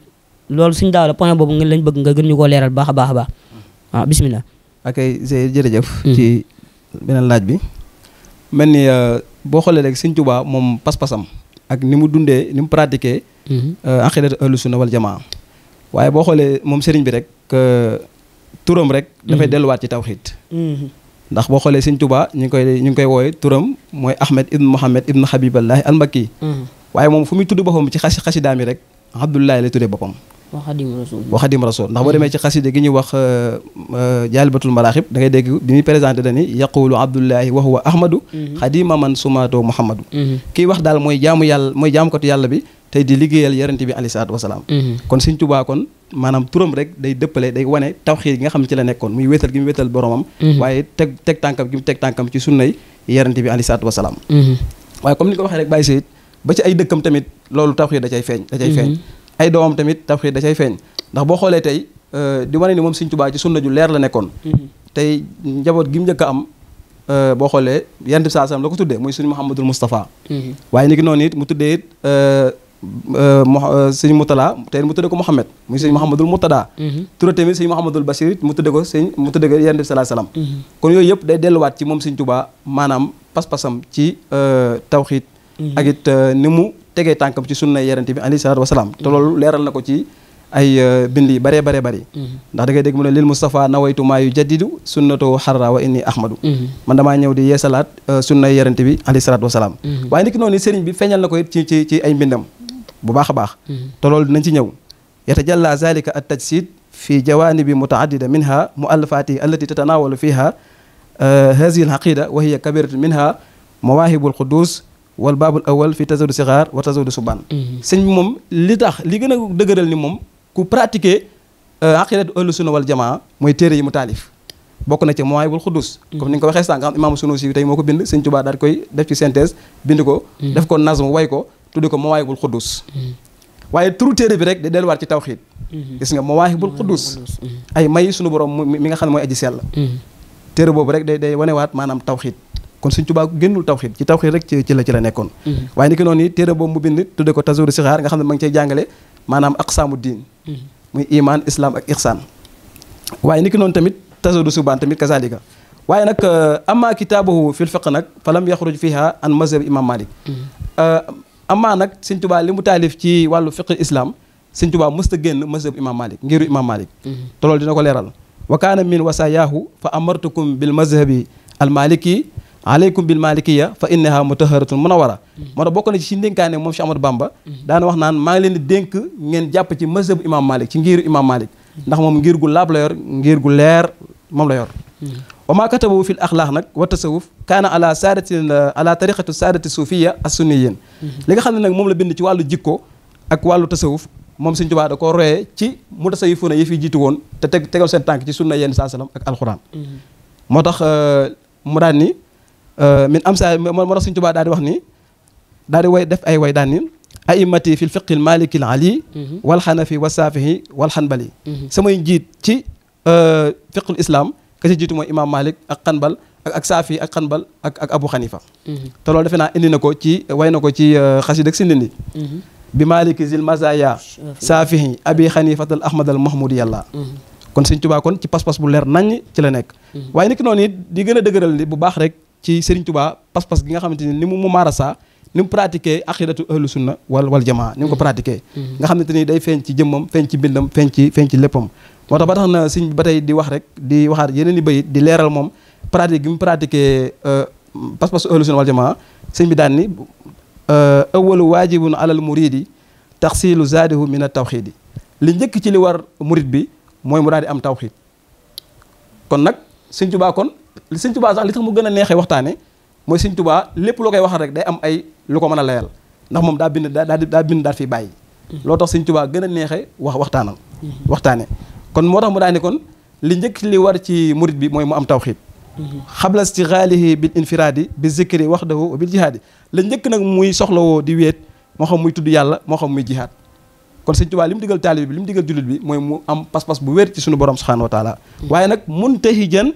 loolu suñu daaw la point boobu ngeen lañ bëgg nga gën ñu ko leeral baax a baax a baax waaw bisimilah. ok jërëjëf. Hmm. ci beneen laaj bi. mel ni euh, boo xoolee rek Sëñ tubaa moom pas-pasam ak ni mu dundee ni mu pratiqué. Hmm. Euh, aqidatu ahlu sunna wal jamaa. waaye boo xoolee moom sëriñ bi rek turam rek. Hmm. dafay delluwaat ci tawxiid. ndax boo xoolee Sëñ Tuubaa ñu ngi koy ñu ngi koy woowee turam mooy Ahmed ibn Mohamed ibn Habiballahi al-Makki. waaye moom fu muy tudd boppam ci xasi xasidaam yi rek Abdullahi lay tuddee boppam. wa xadim rasul ndax boo demee ci xaside gi ñuy wax euh, euh, jaalibatul maraaxib da ngay dégg bi muy présenté dani yaqulu abdullahi wa huwa ahmadu mhm. xadima man sumaatoo muhammadu mhm. kii wax daal mooy jaamu yàlla mooy jaamukatu yàlla bi tey di liggéeyal yarante bi alayhi salaatu wasalaam mhm. kon Sëñ Tuubaa kon maanaam turam rek day dëppale day wane tawxiid gi nga xam ne ci la nekkoon muy wéetal gi mu wéetal boromam waaye teg teg tànkam gi mu teg tànkam ci sunnay yarante bi alayhi salaatu wasalaam ay doomam tamit tawxiid da cay feeñ ndax boo xoolee tey euh, di wane ni moom Sëñ Tuubaa ci sunna ju leer la nekkoon mm-hmm. tey njaboot gi mu njëkk am euh, boo xoolee yant bi saa la ko tuddee muy suñu Muhammadul Moustapha mm-hmm. waaye ni noonu it mu tuddee it euh, sëñ Moutala tey mu tuddee ko Mouhamed muy sëñ Mouhamadul Moutada mm-hmm. tura tamit sëñ Mouhamadul Bachir it mu tuddee ko sëñ mu tuddee ko yant bi salaa salaam kon yooyu yëpp day delluwaat ci moom Sëñ Tuubaa maanaam pas-pasam ci tawxiid ak it ni mu tegee tànkam ci sunna yerante bi alayhi salaatu wasalaam te loolu leeral na ko ci ay euh, bind yi bëree bëree bëri mm-hmm. ndax da ngay dégg mu ne lil Moustapha nawaytu maa yu jaddidu sunnatoo xarra wa inni ahmadu mm-hmm. man damaa ñëw di yeesalaat euh, sunna yerante bi alayhi salaatu wasalaam mm-hmm. waaye niki noonu sëriñ bi feeñal na ko it ci ci ci ay mbindam bu baax a baax te loolu dinañ ci ñëw yatajalla zalika at tajsid fi jawaanibi mutaaddida minha muallafatihi allati tatanaawalu fiha euh, hazihi al aqida wal baabul awal fi tazawudu sixaar wa tazawudu subaan mhm. sëñ bi moom li tax li gën a dëgëral ni moom ku pratiquer euh, aqidatu ahlu sunna wal jamaa mooy téere yi mu taalif bokk na ci Mawaahibul Xuddus mhm. comme ni nga ko waxee sànq xam imaamu Sunusi tey moo ko bind sëñ Tuubaa daal koy def ci synthèse bind ko mhm. def ko nazm way ko tuddi ko Mawaahibul Xuddus waaye turu téere bi rek di delluwaat ci tawxiid gis nga Mawaahibul Xuddus ay may sunu borom mi nga xam ne mooy aji sell téere boobu rek day day waat maanaam tawxiid kon Sëñ Tuubaa génnul tawxiid ci tawxiid rek ci la ci la nekkoon mm-hmm. waaye ni noonu téere boobu mu bind tudde ko Tazawudu Sixaar nga xam ne ma ngi cey jàngale maanaam aqsaamu diin mm-hmm. muy iman islam ak ihsaan waaye ni ki noonu tamit Tazawudu Subaan tamit kazalika waaye nag euh, amma kitaabuhu fil fiqh nag falam yaxruj fiha an mazhab imam Malik mm-hmm. euh, amma nag Sëñ Tuubaa li mu taalif ci wàllu fiqh islam Sëñ Tuubaa mës ta génn mazhab imam Malik ngiru imam Malik te loolu dina ko leeral wa kaana min wasayaahu fa amartukum bil aleykum bil malikiya fa innaha mutaharatun munawara moo tax bokk na ci si ndénkaane moom si Amadou Bamba daana wax naan maa ngi leen di dénk ngeen jàpp ci mazhabu imam malik ci ngiiru imam malik ndax moom ngir gu laab la yor ngiir gu leer moom la yor wa maa katabu fi l axlaax nag wa tasawuf kaana ala saadati ala tariqatu saadati suufiya as sunniyin li nga xam ne nag moom la bind ci wàllu jikko ak wàllu tasawuf moom Sëñ Tuubaa da ko royee ci mu tasawufu na yi fi jiitu woon te teg tegal seen tànk ci sunna yenn saa salaam ak alxuraan mm-hmm. moo tax euh, Euh, min am sa moo tax suñ tubaa daal di wax ni daal di way def ay way daan ni aimati fil fiqil malikil ali mhm. wal xanafi wa saafihi wal xanbali mhm. samay jiit ci euh, fiqul islam ka ci jiitu mooy imaam malik ak xanbal ak saafi ak xanbal ak ak abu xanifa mhm. te loolu defe naa indi na ko ci way na ko ci euh, xasida ak sindindi bi maliki zil mazaya saafihi abi xanifatal ahmadal mahmudi yàlla kon suñ tubaa kon ci pas-pas bu leer nañ ci la nekk waaye niki noonu di gën a bu baax rek ci Serigne Touba pas-pas gi nga xamante ni ni mu mu maarasa ni mu pratiqué aqidatu ahlu sunna wal wal jamaa ni mu ko pratiqué mm-hmm. nga xamante ni day feeñ ci jëmmam feeñ ci mbindam feeñ ci feeñ moo tax ba tax na sëñ di wax rek di waxaat yeneen i bayit di leeral moom pratique gi mu pratiqué euh, pas-pasu ahlu sunna wal jamaa sëñ bi daan ni euh, awalu waajibun alal muridi taxsilu zaadihu min a tawxiid li njëkk ci li war murid bi mooy mu daal di am tawxiid kon nag sëñ Tuubaa kon sëñ tubaa sax li tax mu gën a neexee waxtaane mooy sëñ tubaa lépp loo koy waxal rek day am ay lu ko mën a layal ndax moom daa bind daa bind daal fi bàyyi mm-hmm. loo tax sëñ tubaa gën a neexee wax waxtaanal mm-hmm. waxtaane kon moo tax mu daa ne kon li njëkk li war ci murit bi mooy mu am tawxiid mm-hmm. xablas ci xaalihi bil infiraadi bi wax waxdahu bil jihaadi la njëkk nag muy soxlawoo di weet moo xam muy tudd yàlla moo xam muy jihaad kon sëñ tubaa li mu digal taalib bi mooy mu am pas bu wér ci suñu borom subhanahu wa taala waaye nag muntahijan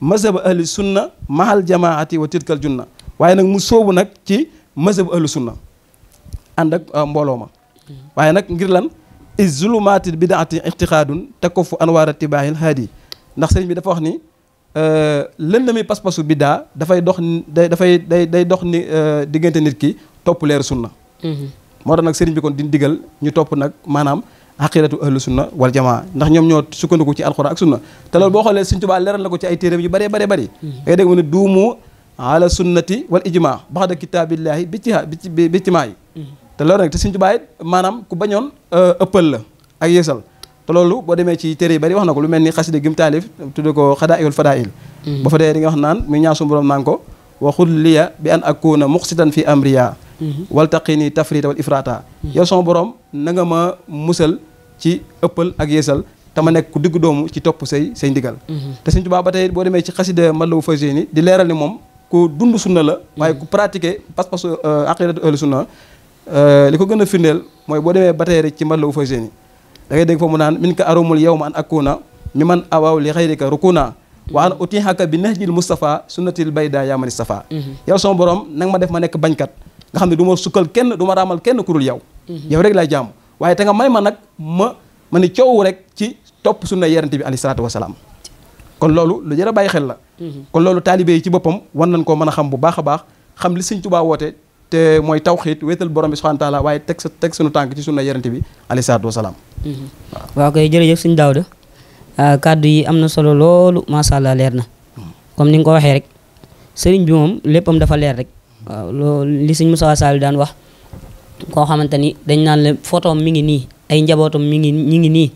mazhabu ahli sunna mahal jamaati wa tilkal junna waaye nag mu soobu nag ci mazhabu ahli sunna ànd ak uh, mbooloo ma waaye nag ngir lan is zulumaati ko fu takofu anwaara tibaahil haadi ndax sëriñ bi dafa wax ni uh, lënd mi pas-pasu biddaa dafay dox day dafay day day dox ni uh, diggante nit ki topp leer sunna mm-hmm. moo tax nag sëriñ bi kon di digal ñu topp nag maanaam xaqidatu ahlu sunna wal jamaa ndax ñoom ñoo sukkandiku ci alquran ak sunna te loolu boo xoolee Sëriñ Tuubaa leeral na ko ci ay téeréem yu bëree bëree bëri hmm. ngay dégg mu ne duumu ala sunnati wal ijma baxda kitaabillahi bi ci bi bi cimaa yi hmm. te loolu nag te Sëriñ Tuubaa it maanaam ku bañoon euh, ëppal la ak yeesal te loolu boo demee ci téere yu bëri wax na ko lu mel ni xasida gim taalif tudde ko xadaayul fadaayil hmm. ba fa dee di nga wax naan muy ñaan suñu borom naan ko waxul liya bi an akuna muqsitan fi amriya Mhm. wal taqini tafrita wal ifrata mhm. yow sama borom na nga ma musal ci ëppal ak yeesal te ma nekk ku diggu doomu ci topp say say ndigal mhm. te Sëñ Tuubaa ba tey boo demee ci xasida Matlabul Fawzayni di leeral ni moom ku dund sunna la waaye ku pratiquer pas-pas euh, euh, ko gën a firndeel mooy boo demee ba tey rek ci Matlabul Fawzayni da ngay dégg foofu mu naan min ka aromul yow ma an akkuuna mi man awaw li xayrika rukuna wa an bi nahjil Mustafa sunnatil bayda yaa man istafa yow sama borom nanga ma def ma nekk bañkat nga xam ne du ma sukkal kenn du ma raamal kenn kurul yow mhm. yow rek laay jàmm waaye te nga may ma nag ma ma ni coow rek ci topp sunna yerante bi alayhi salaatu wasalaam kon loolu lu jar a bàyyi xel la mhm. kon loolu taalibe yi ci boppam war nañ koo mën a xam bu baax a baax xam li sëñ Tuubaa woote te mooy tawxiit wéetal borom bi subhaana taala waaye teg teg sunu tànk ci sunna yerante bi alayhi salaatu wasalaam mhm. waaw koy jërëjëf sëñ Daawda ah, kàddu yi am na solo loolu macha allah leer na mm. comme ni nga ko waxee rek sëriñ bi moom léppam dafa leer rek waaw loolu li sëñ Moussa daan wax koo xamante ni dañ naan la mi ngi nii ay mi ngi ñi ngi nii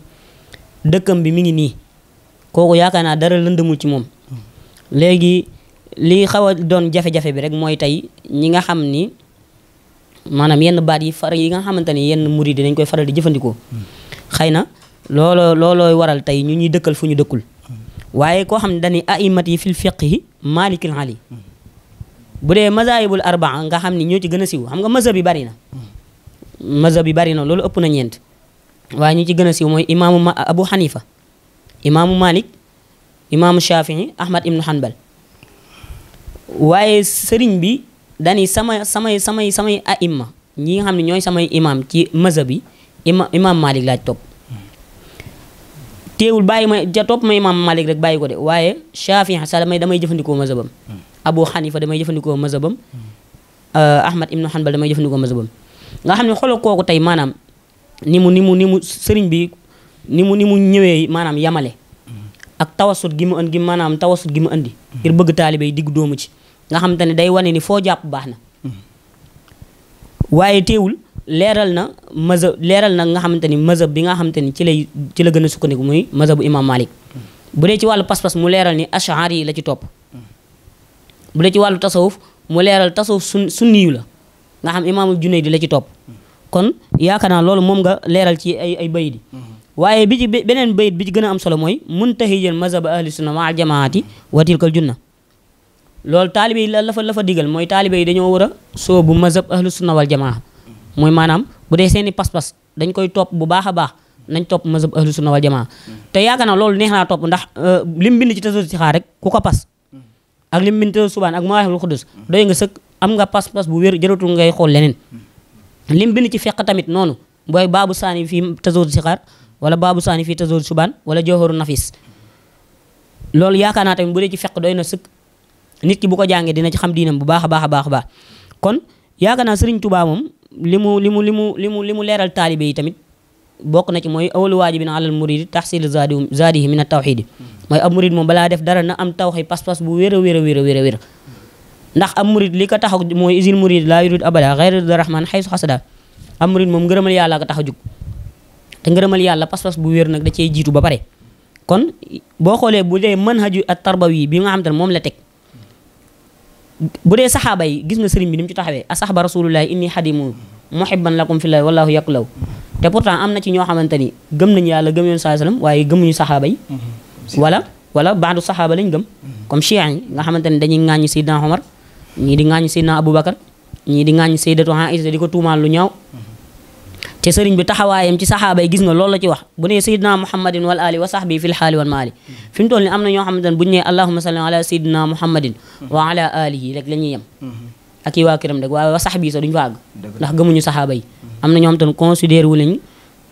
dëkkam bi mi ngi nii kooku yaakaar naa dara lëndëmul ci moom léegi li xaw a doon jafe bi rek mooy tey ñi nga xam ni maanaam yenn baat yi far yi nga xamante ni yenn murid dañ koy faral di jëfandikoo xëy na looloo loolooy waral tey ñu ñuy dëkkal fu ñu dëkkul mm. waaye koo xam ne dañuy aimat yi fil fiqhi maalikil ali bu dee mazahibul arbaa nga xam ni ñoo ci gën a siw xam nga mazhab bi bari na mazhab bi bari na loolu ëpp na ñeent ñu ci gën a siw mooy imaamu abu xanifa imaamu malik imaamu shafii ahmad ibnu hanbal waaye sëriñ bi dani sama samay samay samay aima ñi nga xam ne ñooy samay imaam ci mazhab bi ima imaam malik laaj topp teewul bàyyi ma ja topp ma imaam malik rek bàyyi ko de waaye shafii sa damay damay jëfandikoo mazhabam Abu Hanifa damay jëfandikoo mazhabam euh, Ahmad ibnu Hanbal damay jëfandikoo mazhabam nga xam ne xoolal kooku tey maanaam ni mu ni mu ni mu sëriñ bi ni mu ni mu ñëwee maanaam yamale ak tawasut gi mu indi maanaam tawasut gi mu indi ngir bëgg taalibe yi digg doomu ci nga xam te ne day wane ni foo jàpp baax na waaye teewul leeral na mazhab leeral na nga xamante ni mazhab bi nga xamante ni ci lay ci la gën a sukkandiku muy mazhabu imam malik bu dee ci wàllu pas-pas mu leeral ni ashari yi la ci topp bu dee ci wàllu tasawuf mu leeral tasawuf sun sunniyu la nga xam imaamul junay di la ci topp kon yaakaar naa loolu moom nga leeral ci ay ay bayit yi mm-hmm. waaye bi ci beneen bayit bi ci gën a am solo mooy muntahijan mazhab ahli sunna ma jamaati wa tilkal junna loolu taalibe yi la fa la fa mooy taalibe yi dañoo war a soobu mazhab ahlu sunna wal jamaa mooy maanaam bu dee seeni pas-pas dañ koy topp bu baax a baax nañ topp mazhab ahlu sunna wal jamaa mm-hmm. te yaakaar naa loolu neex naa topp ndax euh, lim bind ci tasawuf si xaar rek ku ko pas ak lim bintal subaan ak mawaahibul xudus doy nga sëkk am nga pas-pas bu wér jëratul ngay xool leneen lim bind ci feq tamit noonu booy baabu saani fii tazoor sixaar wala baabu saani fii tazoor subaan wala jawharu nafis loolu yaakaar naa tamit bu dee ci feq doy na sëkk nit ki bu ko jàngee dina ci xam diinam bu baax a baax a baax a baax kon yaakaar naa Sëriñ Tuubaa moom li mu li mu li mu li mu li mu leeral taalibe yi tamit bokk na ci mooy awalu waajibin alal muridi taxsilu zaadi zaadihi min at-tawxiidi mooy ab murid moom balaa def dara na am tawxiid pas-pas bu wér a wér a wér ndax ab murid li ko tax mooy isil murid laa yurid abada xayra rahman xaysu xasada moom ngërëmal yàlla ko tax a jug te ngërëmal yàlla pas-pas bu wér nag da cee jiitu ba pare kon boo xoolee bu dee man manhaju at tarbawi bi nga xam te moom la teg bu dee saxaaba yi gis na sëriñ bi ni mu ci taxawee a asaxba rasulullahi inni xadimu muhibban lakum fillahi wallahu yaklaw te pourtant am na ci ñoo xamante ni gëm nañu yàlla gëm yoon saa sallam waaye gëmuñu saxaaba yi mm-hmm. wala wala baadu saxaaba lañ gëm mm-hmm. comme chia yi nga xamante ne dañuy ŋaañu Seydina Omar ñii di ŋaañu Seydina Aboubacar ñii di ŋaañu Sayyidatu Aïsa di ko tuumaal lu ñaaw mm-hmm. te sëriñ bi taxawaayam ci saxaaba yi gis nga loolu la ci wax bu nee Seydina Muhammadin wal ali wa sahbi fil xaali wal maali fi mu toll ni am na ñoo xamante ne bu ñu nee allahumma salli ala Seydina Muhammadin wa ala alihi rek la ñuy yem ak yi waa këram rek waaye sax bii sax duñu fa am na ñoo xam te wu lañu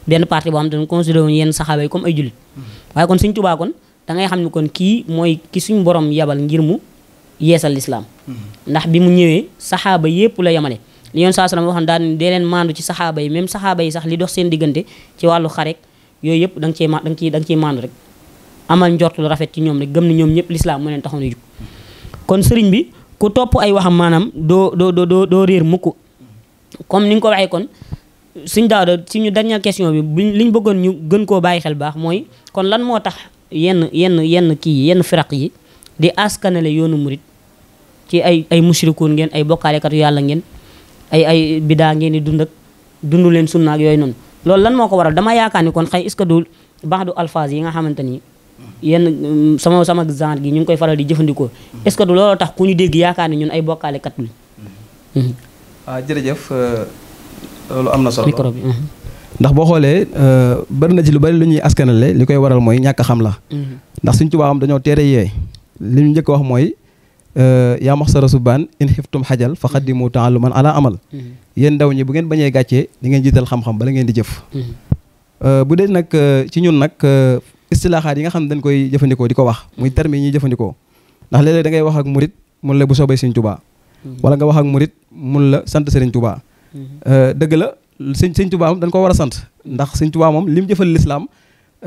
benn parti boo xam te ne considéré wuñu yenn saxaaba yi comme ay jullit hmm. waaye kon Sëñ Tuubaa kon da ngay xam ne kon kii mooy ki suñ borom yabal ngir mu yeesal lislaam hmm. ndax bi mu ñëwee saxaaba yépp la yemale li yoon saa salaam waxoon daan dee leen maandu ci saxaaba yi même saxaaba yi sax li dox seen diggante ci wàllu xarek yooyu yëpp da nga cee da nga ciy da nga ciy maandu rek amal njortul rafet ci ñoom rek gëm ne ñoom ñëpp lislaam moo leen taxoon a jug hmm. kon ku topp ay waxam maanaam doo doo doo doo réer mukk comme ni ko waxee kon suñ daa daaw suñu dernière question bi buñ liñ bëggoon ñu gën koo bàyyi xel baax mooy kon lan moo tax yenn yenn yenn kii yenn firaq yi di askanale yoonu murit ci ay ay mushrikuun ngeen ay bokkaalekatu yàlla ngeen ay ay bidaa ngeen di dundak ak leen sunna ak yooyu noonu lool lan moo ko waral dama yaakaar ni kon xëy est du baax du alphase yi nga xamante ni yenn mm, sama sama genre gi ñu koy faral di jëfandikoo est-ce que du looloo tax ku ñu dégg yaakaar ni ñun ay bokkaalekat lañ. Mm-hmm. Mm-hmm. ah jërëjëf euh, loolu am na solo micro mm-hmm. ndax boo xoolee euh, bari na ci lu bari lu ñuy askanale li koy waral mooy ñàkk xam la. ndax suñ tubaabam dañoo teere yee li ñu njëkk wax mooy. Euh, yaa max sara subaan in xiftum xajal fa xaddimu taaluman ala amal yéen ndaw ñi bu ngeen bañee gàccee di ngeen jiital xam-xam bala ngeen di jëf bu dee nag ci ñun nag istilaaxaat yi nga xam ne dañ koy jëfandikoo di ko wax muy terme yi ñuy ndax léeg-léeg da ak murit mun la bu soobee sëñ Tuubaa mm-hmm. wala nga wax ak murit mun la sant sëriñ Tuubaa mm-hmm. euh, dëgg la sëñ sëñ Tuubaa moom dañ ko war a sant ndax sëñ Tuubaa moom li mu jëfal lislaam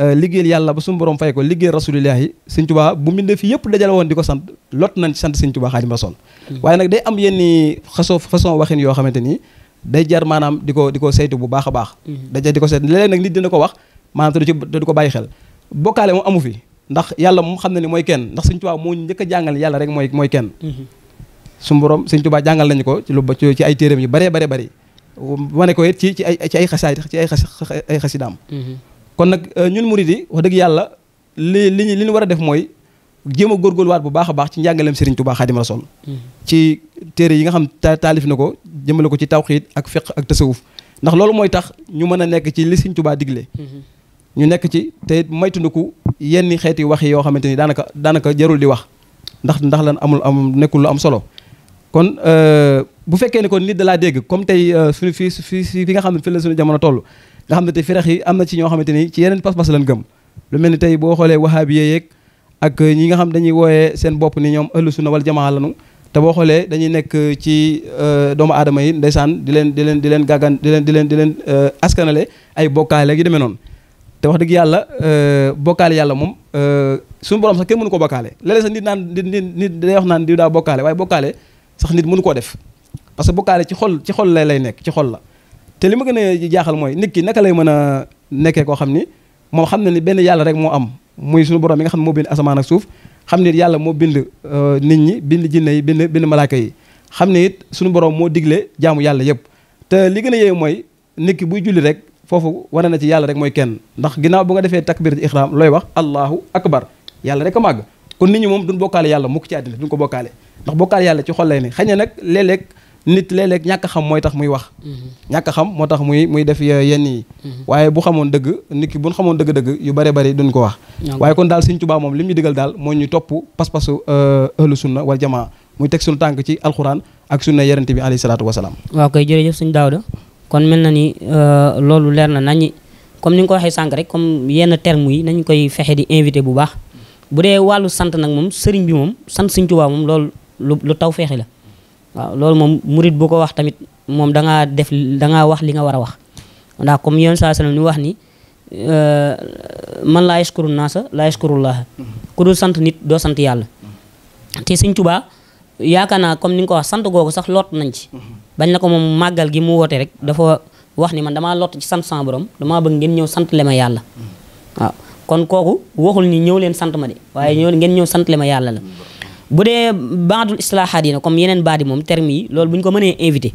euh, liggéeyal yàlla ba suñu borom fay ko liggéeyal rasulilah yi sëñ Tuubaa bu mbindee fi yëpp dajal woon di ko sant lot nañ ci sant sëñ Tuubaa xaadim rasul mm-hmm. waaye nag day am yenn façon façon waxin yoo xamante nii day jar maanaam di ko di ko saytu bu baax a baax day jar di ko saytu léeg-léeg nag nit dina ko wax maanaam te du te du ko bàyyi xel bokkaale moom amu fi ndax yàlla moom xam na ni mooy kenn ndax Sëñ Tuubaa moo njëkk a jàngal yàlla rek mooy mooy kenn mm-hmm. suñu borom Sëñ Tuubaa jàngal nañu ko ci lu ci ay téeréem yu bëree bare bëri wane ko it ci ci ay ci ay xasaay ci ay ay xasidaam mm-hmm. kon nag euh, ñun murid yi wax dëgg yàlla li li li ñu war a def mooy jéem a waat bu baax a baax ci njàngaleem Serigne Touba Khadim Rasoul mm-hmm. ci téere yi nga xam taalif na ko jëmale ko ci tawxiid ak fiq ak tasawuf ndax loolu mooy tax ñu mën a nekk ci li Serigne Touba digle ñu nekk ci te moytandiku yenn xeeti wax yoo xamante ni daanaka daanaka jarul di wax ndax ndax lan amul am nekkul lu am solo kon euh, bu fekkee ne kon nit da laa dégg comme tey euh, suñu fi fi fi nga xam ne fi la suñu jamono toll nga xam ne tey firax yi am na ci ñoo xamante ni ci yeneen pas-pas lan gëm lu mel ni tey boo xoolee wahaabi yeeg ak ñi nga xam dañuy wooyee seen bopp nii ñoom ahlu sunna wal jamaa lanu te boo xoolee dañuy nekk ci euh, doomu aadama yi ndeysaan di leen di leen di leen gàggan di leen di leen di leen askanale ay bokkaale demee noonu te wax dëgg yàlla euh, bokkaale yàlla moom euh, suñu borom sax kenn mënu ko bokkaale léeg sax nit naan nit nit day wax naan di daa bokkaale waaye bokkaale sax nit mënu koo def parce que bokkaale ci xol ci xol lay lay nekk ci xol la te li ma gën a jaaxal mooy nit ki naka lay mën a nekkee koo xam ni moom xam na ni benn yàlla rek moo am muy suñu borom mi nga xam ne moo bind asamaan ak suuf xam ne yàlla moo bind euh, nit ñi bind jinne yi bind bind malaaka yi xam ne it suñu borom moo digle jaamu yàlla yëpp te li mooy nit ki buy julli rek foofu wane na ci yàlla rek mooy kenn ndax ginnaaw bu nga defee takbir ci ihram looy wax allahu akbar yàlla rek a màgg kon nit ñi moom duñ bokkaale yàlla mukk ci àddina duñ ko bokkaale ndax bokkaale yàlla ci xol lay ne xëy nag léeg nit léeg ñàkk xam mooy tax muy wax mm-hmm. ñàkk xam moo tax muy muy def yenn yi mm-hmm. waaye bu xamoon dëgg nit ki buñ xamoon dëgg-dëgg yu bare bari duñ ko wax waaye kon daal Sëriñ Tuubaa moom li mu digal daal moo ñu topp pas-pasu euh, ahlu sunna wal jamaa muy teg suñu tànk ci alxuraan ak sunna yerante bi alayhi salaatu wasalaam waaw kay jërëjëf Sëriñ Daawda kon mel na ni euh, loolu leer na nañi comme ni nga ko waxee sànq rek comme yenn terme yi nañu koy fexe di invité bu baax bu dee wàllu sant nag moom sëriñ bi moom sant Sëriñ Tuubaa moom loolu lu taw feexi la waaw loolu moom murit bu ko wax tamit moom da ngaa def da wax li nga war a wax ndax comme yoon saa sallam ni wax ni euh, man laa yashkuru naasa laa yashkurullaaha ku dul sant nit doo sant yàlla te Sëriñ Tuubaa yaakaar naa comme ni nga ko wax sant googu sax loot nañ bañ na ko moom màggal gi mu woote rek dafa wax ni man damaa lott ci sant sama borom damaa bëgg ngeen ñëw sant ma yàlla waaw kon kooku waxul ni ñëw leen sant ma de waaye ñëw ngeen ñëw sant le ma yàlla la bu dee baadul islaahaat yi na comme yeneen baat yi moom terme yi loolu bu ñu ko mënee invité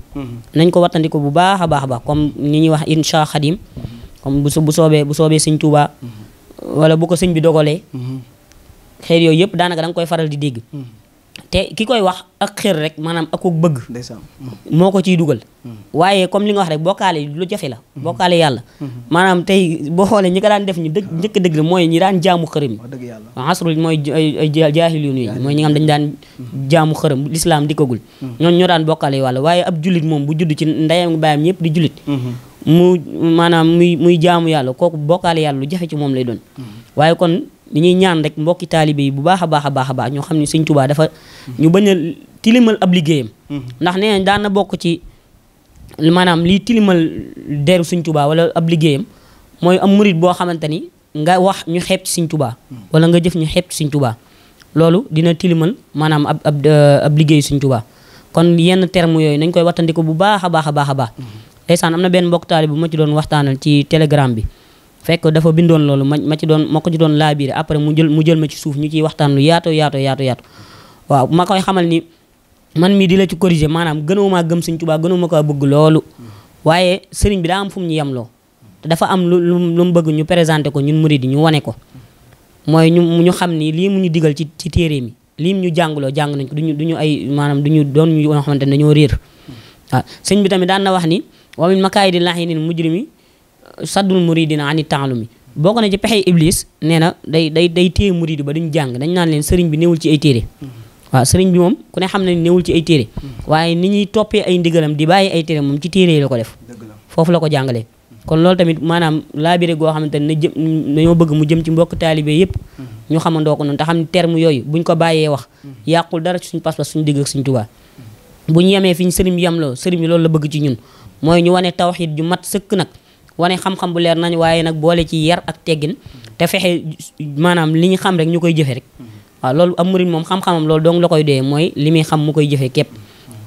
nañ ko wattandi bu baax baax baax comme ni ñuy wax insha xadim comme bu bu soobee bu soobee sëñ Tuubaa wala bu ko sëñ bi dogalee mm-hmm. xeer yooyu yëpp daanaka da koy faral di dégg mm-hmm. te ki koy wax ak xër rek maanaam ak ko bëgg moo ko ciy dugal hmm. waaye comme li nga wax rek bokkaale lu jafe la hmm. bokkaale yàlla hmm. maanaam tey boo xoolee ñi ko daan def ñu dëgg njëkk dëgg mooy ñi daan jaamu xërëm yi asrul mooy jaahil yu nuyu mooy ñi nga xam dañu daan jaamu xërëm lislaam dikkagul daan bokkaale yàlla waaye ab jullit moom bu judd ci ndeyam baayam ñëpp di jullit mu maanaam muy muy jaamu yàlla kooku bokkaale yàlla lu jafe ci moom lay doon waaye kon li ñuy ñaan rek mbokki taalibe yi bu baax a baax a baax a baax ñoo xam ne sëñ Tuubaa dafa ñu bañ a tilimal ab liggéeyam mm-hmm. ndax nee daan na bokk ci maanaam lii tilimal deru sëñ tubaa wala ab liggéeyam mooy am murit boo xamante ni nga wax ñu xeeb ci sëñ Tuubaa mm-hmm. wala nga jëf ñu xeeb ci tubaa loolu dina tilimal maanaam ab ab euh, ab liggéeyu sëñ Tuubaa kon yenn terme yooyu nañ koy wattandiko bu baax a baax a baax tey baax mm-hmm. ndeysaan am na benn mbokk taalibe bu ma ci doon waxtaanal ci telegram bi fekk dafa bindoon loolu ma ma ci doon ma ko ci doon laabiire après mu jël mu jël ma ci suuf ñu ciy waxtaan lu yaatoo yaatoo yaatoo yaatoo waaw ma koy xamal ni man mii di la ci corriger maanaam gënuma gëm sëñ a gënuma ko bëgg loolu waaye sëriñ bi daa am fu ñu yemloo te dafa am lu lu mu bëgg ñu présenté ko ñun murid yi ñu wane ko mooy ñu xam ni lii mu ñu digal ci ci téere mi lii mu ñu jàngloo jàng nañ ko duñu du ñu ay maanaam du ñu doon ñu xamante ne dañoo réer waaw sëñ bi tamit daan na wax ni wa min makaayidi lahiinil mujrimi saddul muridina ani taalumi bokk na ci pexe iblis nee na day day day téye muridi ba duñ jàng dañ naan leen sëriñ bi newul ci ay téere waaw sëriñ bi moom ku ne xam ne newul ci ay téere waaye ni ñuy toppee ay ndigalam di bàyyi ay téere moom ci téere yi la ko def foofu la ko jàngalee kon loolu tamit maanaam laabire goo xamante ne jëm nañoo bëgg mu jëm ci mbokk taalibe yëpp mm-hmm. ñu xamandoo ko noonu te xam ne terme yooyu buñ ko bàyyee wax mm-hmm. yàqul dara suñ pas-pas suñ digg ak suñ tubaa buñ yemee fi ñu sëriñ bi yemloo sëriñ loolu la bëgg ci ñun mooy ñu wane tawxid ju mat sëkk nag wane xam-xam bu leer nañ waaye nag boole ci yar ak teggin te fexe maanaam li ñu xam rek ñu koy jëfe rek waa loolu am murid moom xam-xamam loolu dong la koy doyee mooy li muy xam mu koy jëfe képp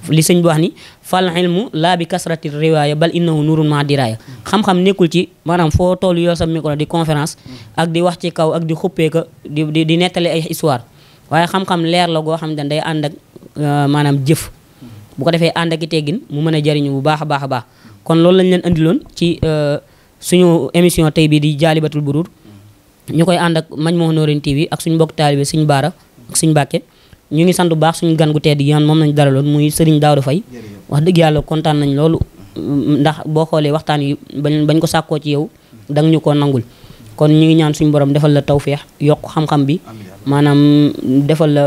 li sëñ bi wax ni fal ilmu laa bi kasrati riwaaya bal innahu nurun ma diraaya xam-xam nekkul ci maanaam foo toll yoo sa micro di conférence ak di wax ci kaw ak di xuppeeka di di di nettali ay histoire waaye xam-xam leer la goo xam ne day ànd ak euh, maanaam jëf bu ko defee ànd ak teggin mu mën a jariñu bu baax a baax a baax kon loolu lañ leen andiloon ci euh, suñu émission tey bii di jaalibatul buruur ñu koy ànd ak moo Nurayni yi ak suñu mbokk taalibe suñu baara ak suñu ñu ngi sant bu baax suñu gan gu tedd gi moom lañ dalaloon muy Serigne Daouda fay wax dëgg yàlla kontaan nañ loolu ndax boo xoolee waxtaan wi bañ bañ ko sàkkoo ci yow danga ñu ko nangul kon ñu ngi ñaan suñu borom defal la tawféex yokk xam-xam bi maanaam defal la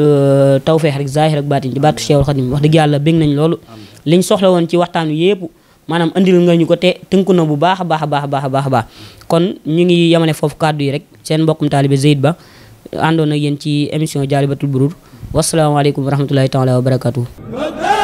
euh, tawféex rek zaahir ak baatin ci barke Cheikhul Khadim wax dëgg yàlla bég nañ loolu liñ soxla ci waxtaan wi maanaam andil nga ñu ko te tënku na bu baax a baax a baax a baax a kon ñu ngi yemale foofu kàddu yi rek seen mbokkum taalibe Zaid Ba àndoon ak yéen ci émission Jaalibatul Buruur wasalaamaaleykum wa rahmatullahi taala wa barakatuh